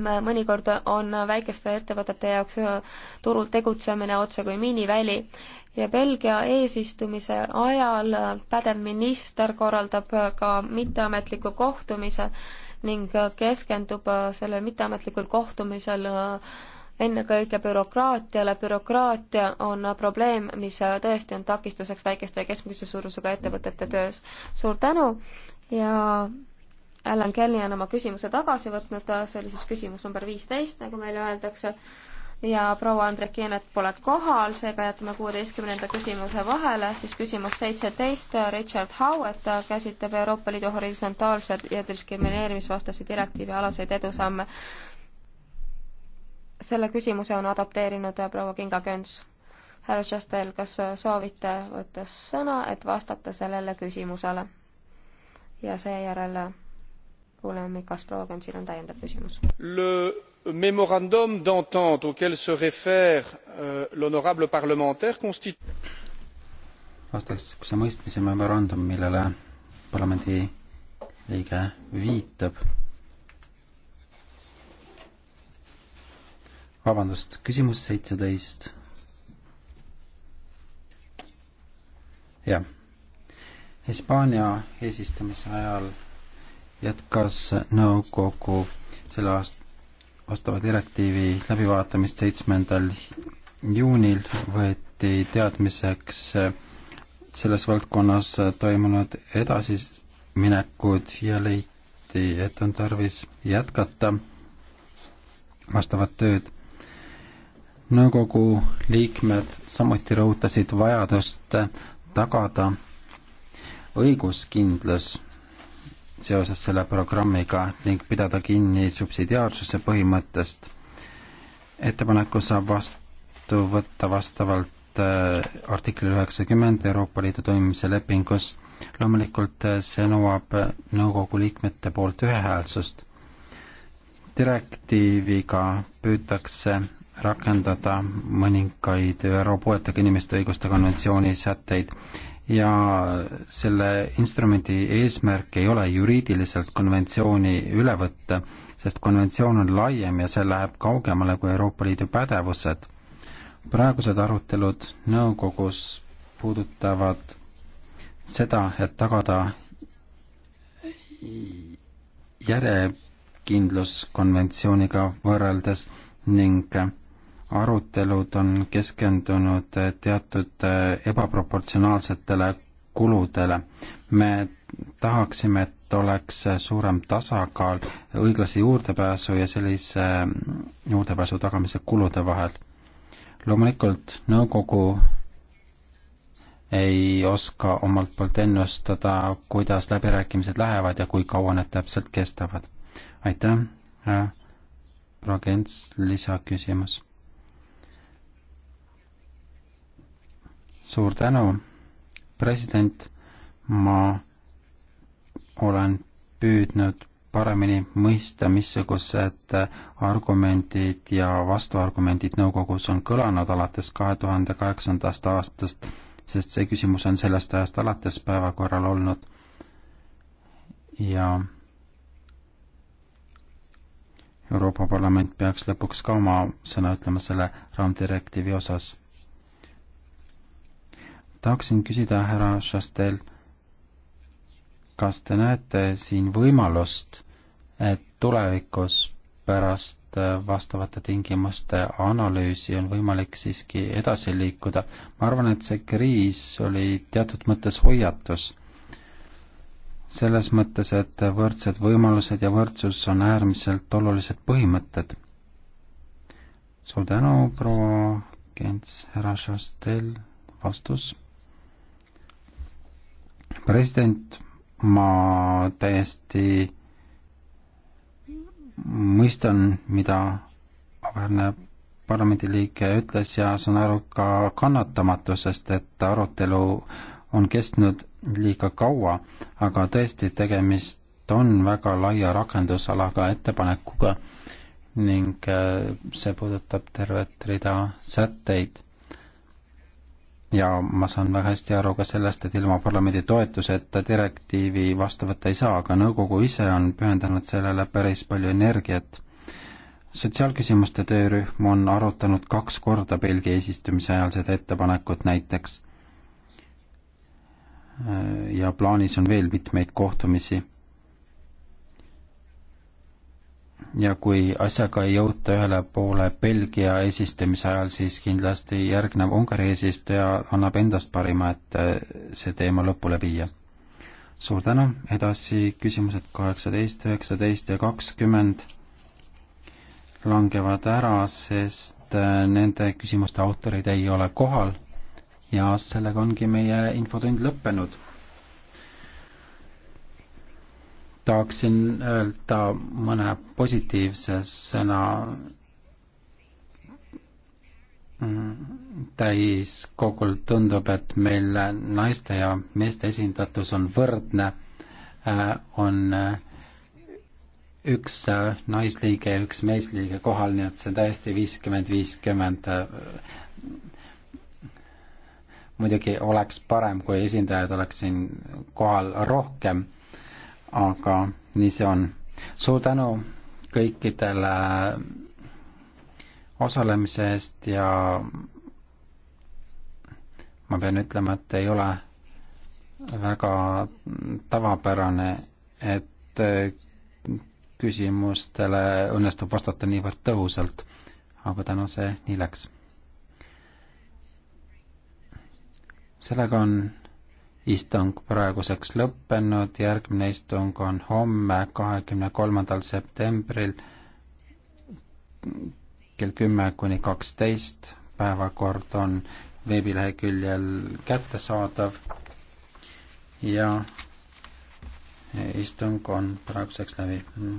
mõnikord on väikeste ettevõtete jaoks äh, turul tegutsemine otsekui miiniväli ja Belgia eesistumise ajal äh, pädev minister korraldab äh, ka mitteametliku kohtumise ning keskendub sellel mitteametlikul kohtumisel ennekõike bürokraatiale. bürokraatia on probleem, mis tõesti on takistuseks väikeste ja keskmise suurusega ettevõtete töös. suur tänu ja Allan Kelly on oma küsimuse tagasi võtnud, see oli siis küsimus number viisteist, nagu meile öeldakse, ja proua Andrek Jeenet pole kohal, seega jätame kuueteistkümnenda küsimuse vahele, siis küsimus seitseteist, Richard Howitt käsitleb Euroopa Liidu horisontaalsed ja diskrimineerimisvastase direktiivi alaseid edusamme. selle küsimuse on adapteerinud proua Kinga Köns. härra Šestel, kas soovite võtta sõna, et vastata sellele küsimusele? ja seejärel kuuleme, kas proua Kantsil on täiendav küsimus. Le memorandum d'entente auquel se réfère euh, l'honorable parlementaire constitue vastastikuse mõistmise memorandum, millele parlamendi liige viitab. vabandust, küsimus seitseteist. jah. Hispaania eesistumise ajal jätkas nõukogu selle aast-, vastava direktiivi läbivaatamist seitsmendal juunil, võeti teadmiseks selles valdkonnas toimunud edasiminekud ja leiti, et on tarvis jätkata vastavat tööd nõukogu liikmed samuti rõhutasid vajadust tagada õiguskindlus seoses selle programmiga ning pidada kinni subsidiaarsuse põhimõttest. ettepaneku saab vastu võtta vastavalt äh, artiklile üheksakümmend Euroopa Liidu toimimise lepingus. loomulikult äh, see nõuab nõukogu liikmete poolt ühehäälsust. direktiiviga püütakse rakendada mõningaid ÜRO puuetega inimeste õiguste konventsiooni sätteid ja selle instrumendi eesmärk ei ole juriidiliselt konventsiooni üle võtta, sest konventsioon on laiem ja see läheb kaugemale kui Euroopa Liidu pädevused. praegused arutelud nõukogus puudutavad seda, et tagada järjekindlus konventsiooniga võrreldes ning arutelud on keskendunud teatud eh, ebaproportsionaalsetele kuludele. me tahaksime, et oleks suurem tasakaal õiglase juurdepääsu ja sellise mm, juurdepääsu tagamise kulude vahel. loomulikult nõukogu ei oska omalt poolt ennustada, kuidas läbirääkimised lähevad ja kui kaua need täpselt kestavad. aitäh, proua Kents, lisaküsimus suur tänu, president, ma olen püüdnud paremini mõista, missugused argumendid ja vastuargumendid nõukogus on kõlanud alates kahe tuhande kaheksandast aastast, sest see küsimus on sellest ajast alates päevakorral olnud. ja Euroopa Parlament peaks lõpuks ka oma sõna ütlema selle raamdirektiivi osas tahaksin küsida härra Šastel, kas te näete siin võimalust, et tulevikus pärast äh, vastavate tingimuste analüüsi on võimalik siiski edasi liikuda. ma arvan, et see kriis oli teatud mõttes hoiatus. selles mõttes, et võrdsed võimalused ja võrdsus on äärmiselt olulised põhimõtted. suur tänu, proua Gents, härra Šastel, vastus president, ma täiesti mõistan, mida auväärne parlamendiliige ütles ja saan aru ka kannatamatusest, et arutelu on kestnud liiga kaua, aga tõesti, tegemist on väga laia rakendusalaga ettepanekuga ning äh, see puudutab tervet rida sätteid ja ma saan väga hästi aru ka sellest, et ilma parlamendi toetuseta direktiivi vastu võtta ei saa, aga nõukogu ise on pühendanud sellele päris palju energiat. sotsiaalküsimuste töörühm on arutanud kaks korda Belgia eesistumise ajal seda ettepanekut näiteks. ja plaanis on veel mitmeid kohtumisi ja kui asjaga ei jõuta ühele poole Belgia eesistumise ajal, siis kindlasti järgnev Ungari eesistuja annab endast parima, et äh, see teema lõpule viia. suur tänu, edasi küsimused kaheksateist, üheksateist ja kakskümmend langevad ära, sest äh, nende küsimuste autorid ei ole kohal ja sellega ongi meie infotund lõppenud tahaksin öelda mõne positiivse sõna täiskogul tundub, et meil naiste ja meeste esindatus on võrdne, äh, on äh, üks äh, naisliige ja üks meesliige kohal, nii et see on täiesti viiskümmend, viiskümmend. muidugi oleks parem, kui esindajaid oleks siin kohal rohkem aga nii see on. suur tänu kõikidele osalemise eest ja ma pean ütlema, et ei ole väga tavapärane, et küsimustele õnnestub vastata niivõrd tõhusalt, aga täna see nii läks. sellega on istung praeguseks lõppenud, järgmine istung on homme, kahekümne kolmandal septembril kell kümme kuni kaksteist, päevakord on veebileheküljel kättesaadav ja istung on praeguseks läbi.